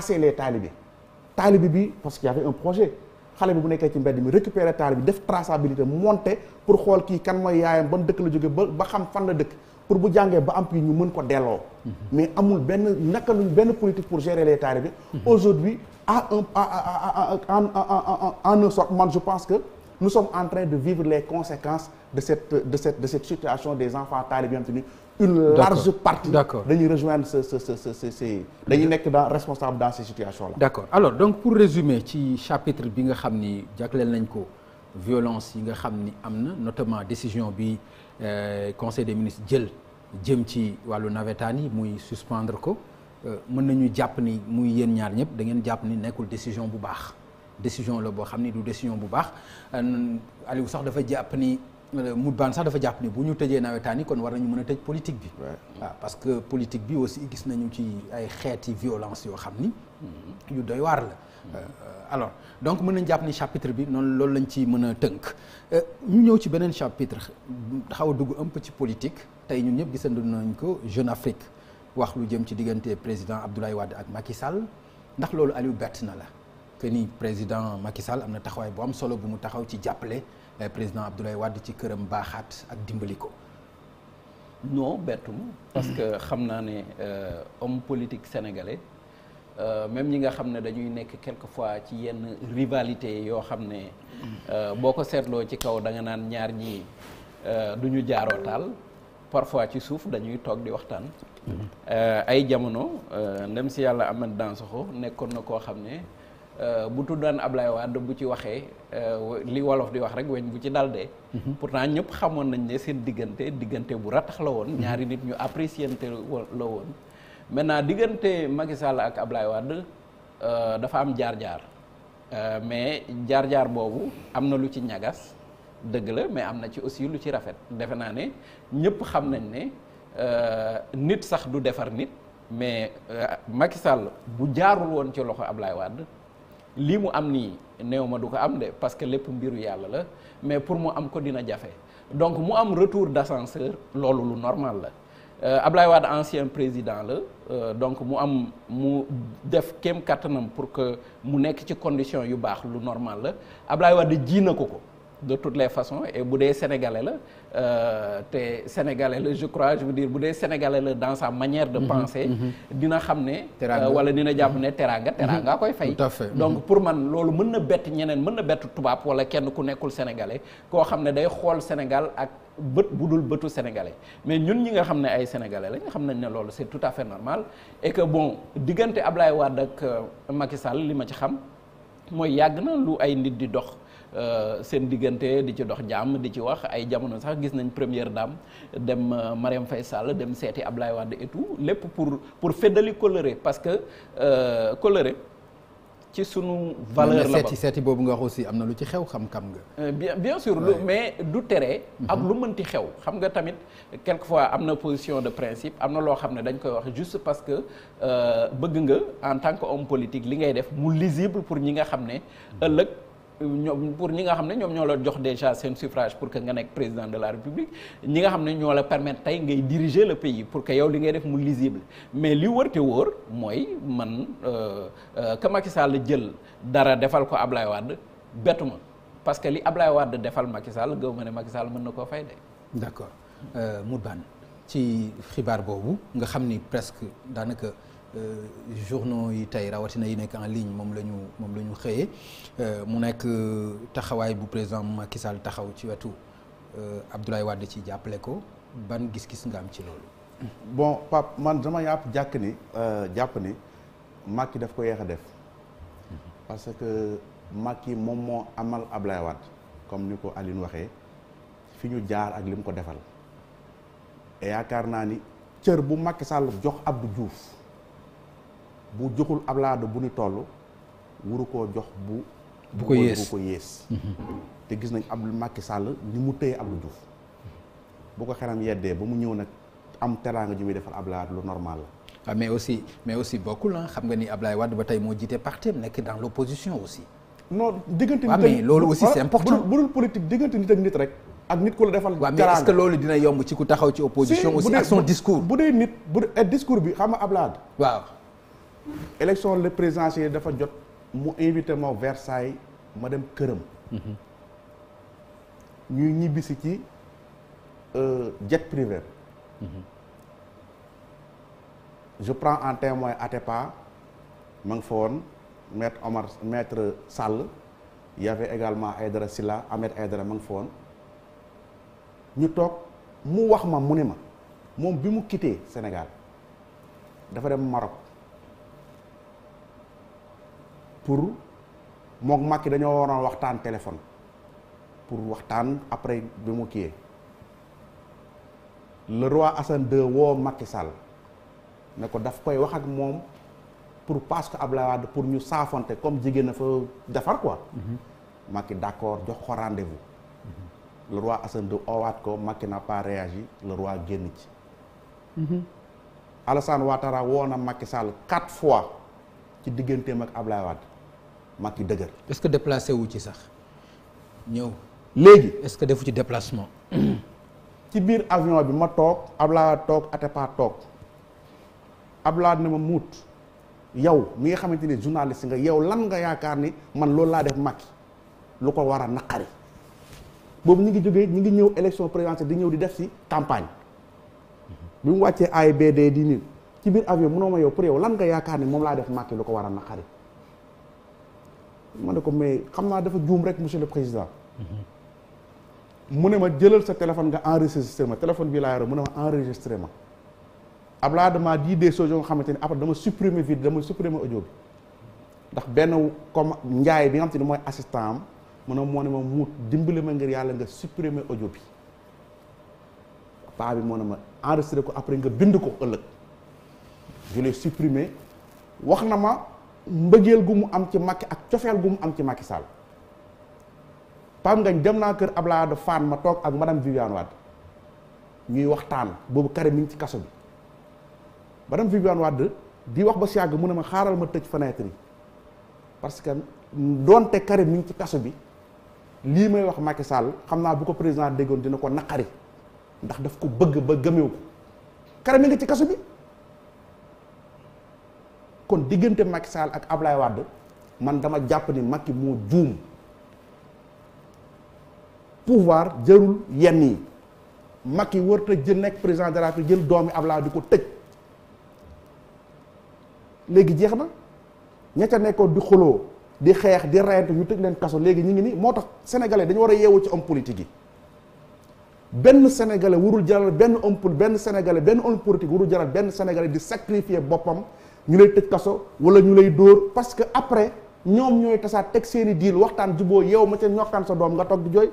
casser les talibés bi parce qu'il y avait un projet xale bi bu nekkee ci mbedd mi récupérer talibé def traçabilité monter pour xool kii kan mooy yaayam ba dëkk la joge ba ba xam fan la dëkk pour bu jàngee ba am kii ñu mën ko delloo mais amul benn naka luñ benn politique pour gérer les talibés aujourd'hui à un à en un man je pense que nous sommes en train de vivre les conséquences de cette de situation des enfants taalibe yi nga xam une large partie dañuy rejoindre dañuy nekk dans responsable dans ces situations là d'accord résumer ci chapitre bi nga xam ni jagleel nañ ko violence yi nga xam ni am na notamment décision bi euh, conseil de ministres jël jëm ci wàllu nawetaan yi muy suspendre ko euh, mën nañu jàpp ni muy yéen ñaar ñëpp da ngeen jàpp ni nekkul décision bu baax décision la boo xam ni du décision bu baax euh, Aliou sax dafa jàpp ni euh, Moutbane sax dafa jàpp ni bu ñu tëjee nawetaan yi kon war nañu mën a tëj politique bi. waaw parce que politique bi aussi gis nañu ci ay xeeti violence yoo xam ni. Mm-hmm. yu doy waar la. Mm-hmm. Euh, alors donc mën nañ jàpp ni chapitre bi noonu loolu lañ ci mën a tënk ñu ñëw ci beneen chapitre xaw a dugg un ci politique tey ñun ñëpp gisandu nañ ko Jeune Afrique wax lu jëm ci diggante président Abdoulaye Wade ak Macky Sall ndax loolu Aliou bett na la. que président Macky Sall am na taxawaay bu am solo bu mu taxaw ci jàppale eh, président Abdoulaye wadd ci këram baaxaat ak dimbali ko. non bettuma parce que xam naa ne euh, homme politique sénégalais euh, même ñi nga xam ne dañuy nekk quelque fois ci yenn rivalité yoo xam ne euh, boo ko seetloo ci kaw da naan ñaar ñii euh, du ñu jaaroo taal parfois ci suuf dañuy toog di waxtaan. Mm-hmm. ay jamono ndem si yàlla Amath Dansokho nekkoon na koo xam ne. Euh, bu tuddaan Ablaye wàdd bu ci waxee euh, li wolof di wax rek weñ bu ci dal dee. Mhm. pourtant ñëpp xamoon nañ ne seen diggante diggante bu ratax la woon. Mhm. ñaari nit ñu apprécié la woon. maintenant diggante Macky Sall ak Ablaye Wade euh, dafa am jaar-jaar mais jaar-jaar boobu am na lu ci ñagas dëgg la mais am na ci aussi lu ci rafet defe naa ne ñëpp xam nañ ne nit sax du defar nit mais Macky Sall bu jaarul woon ci loxo Ablaye wàdd lii mu am nii néew ma du ko am de parce que lépp mbiru yàlla la mais pour mu am ko dina jafe donc mu am retour d'ascenseur loolu lu normal la euh, Ablaye Wade ancien président la euh, donc mu am mu def kéem kattanam pour que mu nekk ci condition yu baax lu normal la Ablaye Wade jii na ko ko de toutes les façons et bu dee sénégalais la euh, te sénégalais la je crois je veux dire bu dee sénégalais la dans sa manière de mhm. penser mhm. dina xam ne euh, wala dina jàpp ne mhm. teraanga teraanga koy fay donc pour man loolu mën na bett ñeneen mën na bett tubaab wala kenn ku nekkul sénégalais koo xam ne day xool Sénégal ak bët bu dul bëtu sénégalais mais ñun ñi nga xam ne ay sénégalais lañ xam nañ ne loolu c'est tout à fait normal et que bon diggante ab Ablaye Wade ak euh, Macky Sall li ma ci xam mooy yàgg na lu ay nit di dox Euh, seen diggante di ci dox jàmm di ci wax ay jamono sax gis nañ première dàmm dem euh, Mariam Faye Sall dem seeti Ablaye wax et tout lépp pour pour feddali coloré parce que euh, coloré ci sunu valeur la seeti boobu nga wax aussi am na lu ci xew xam-xam nga. bien bien sûr lu mais du tere. Mhm. ak lu mënti xew xam nga tamit fois am na position de principe am na loo xam ne dañ koy wax juste parce que bëgg nga en tant que homme politique li ngay def mu lisible pour ñi nga xam ne ëllëg. ñoom pour ñi nga xam ne ñoom ñoo la jox déjà seen suffrage pour que nga nekk président de la république ñi nga xam ne ñoo la permettre tey ngay diriger le pays pour que yow li ngay def mu lisible mais li wër te wóor mooy man euh, euh, que Macky Sall jël dara defal ko Ablaye Wade bettu ma parce que li Ablaye Wade defal Macky Sall gëw ma ne Macky Sall mën na koo fay de. d'accord euh, Mourban ci xibaar boobu nga xam ni presque daanaka. Euh, journaux yi tey rawatina yi nekk en ligne moom lañu moom la ñu xëyee euh, mu nekk euh, taxawaay bu président Macky Sall taxaw ci wetu Abdoulaye Wade ci jàppale ko ban gis-gis nga am ci loolu. bon Pape man dama yàpp jàkk ni jàpp ni Macky daf ko yéex a def parce que Macky moom moo amal Abdoulaye Wade comme ni ko Aline waxee fi ñu jaar ak li ko defal yaakaar naa ni cër bu Macky Sall jox Abdou juuf bu joxul ab bu ni toll wuru koo jox bu bu ko yées bu yées mhm. te gis nañ ab Macky sàll ni mu tëye Abdou Diouf bu ko xelam yeddee ba mu ñëw nag am teraanga ju muy defal ab lu normal la ah mais aussi mais aussi bokkul ah xam nga ni Ablaye Wade ba tey moo jiite parti nekk dans l' opposition aussi. non diggante nit ah, ak loolu aussi c' est important bu dul politique diggante nit ak nit rek. ak nit ku la defal. waaw mais est loolu dina yomb ci ku taxaw ci opposition. aussi ak son discours bu dee nit bu dee eh, discours bi xam a ablaad waaw. élection le présidentielle dafa jot mu invité ma Versailles ma dem këram. Mhm. ñuy ñibbisi ci euh, jet privé. Mhm. je prends en témoin Atepa ma ngi fa woon maître Omar maître Sall y avait également Aydara Silla Ahmed Aydara ma ngi fa ñu toog mu wax ma mu ne ma moom bi mu quitté Sénégal dafa dem Maroc. pour mook makki dañoo waroon waxtaan téléphone pour waxtaan après bi mu kiiyee le roi Hassan II woo Macky Sall ne ko daf koy wax ak moom pour parce que Ablaye Wade pour ñu saafonte comme jigéen na fa defar quoi. Mhm. Macky d'accord jox ko rendez-vous. Mhm. le roi Hassan II ko makki n'a pas réagi le génn ci. Mhm. Alassane Ouattara woo na Macky Sall fois ci digganteem ak Ablaye Wade. mag yu dëgër. est-ce que déplacé wu ci sax ñëw. léegi est-ce que defu ci déplacement. ci biir avion bi ma toog Ablaye toog Atepa toog Ablaye ne ma muut yow mi nga xamante ni journaliste nga yow lan nga yaakaar ni man loolu laa def Macky lu ko war a naqari boobu ñu ngi jógee ñu ngi ñëw élection présidentielle di ñëw di def si campagne mhm. bi mu wàccee AIBD di nii ci biir avion munoo ma yow pour yow lan nga yaakaar ni moom laa def Macky lu ko war a naqari. ma ne ko mais xam naa dafa juum rek monsieur le président. mu ne ma jëlal sa téléphone nga enregistré ma téléphone bi laa yore mu ne ma enregistré ma. Abdoulaye dama di des choses yoo nga xamante ni après dama supprimer vidéo dama supprimer audio bi ndax benn comme njaay bi nga xamante ni mooy assistant am mu ne moo ne ma mu dimbali ma ngir yàlla nga supprimer audio bi. paa bi moo ne ma enregistré ko après nga bind ko ëllëg je l'ai wax na ma. mbëggeel gu mu am ci Macky ak cofeel gu mu am ci Macky Sall Pam Ngañ dem naa kër Ablaye de Fane ma toog ak madame Viviane Wade waxtaan boobu Karim mi ngi ci kaso bi madame Viviane Wade di wax ba si yàgg mu ne ma xaaral ma tëj fenêtre yi parce que doonte Karim mi ngi ci kaso bi lii may wax Macky Sall xam naa bu ko président déggoon dina ko naqari ndax daf ko bëgg ba gëmeew ko Karim mi ngi ci kaso bi. kon diggante Macky saal ak Ablaye Wade man dama jàpp ni Macky moo juum pouvoir jërul yenn yi Macky warut a jël nekk président de la République jël doomi Ablaye di ko tëj léegi jeex na ña ca nekkoon di xuloo di xeex di reyante ñu tëj leen kaso léegi ñu ngi nii moo tax sénégalais dañu war a yeewu ci homme politique yi benn sénégalais warul jaral benn homme benn sénégalais benn homme politique warul jaral benn sénégalais di sacrifier boppam. ñu lay tëj kaso wala ñu lay dóor parce que après ñoom ñooy tasaat teg seen i diil waxtaan juboo yow ma ca ñokkaan sa doom nga toog di jooy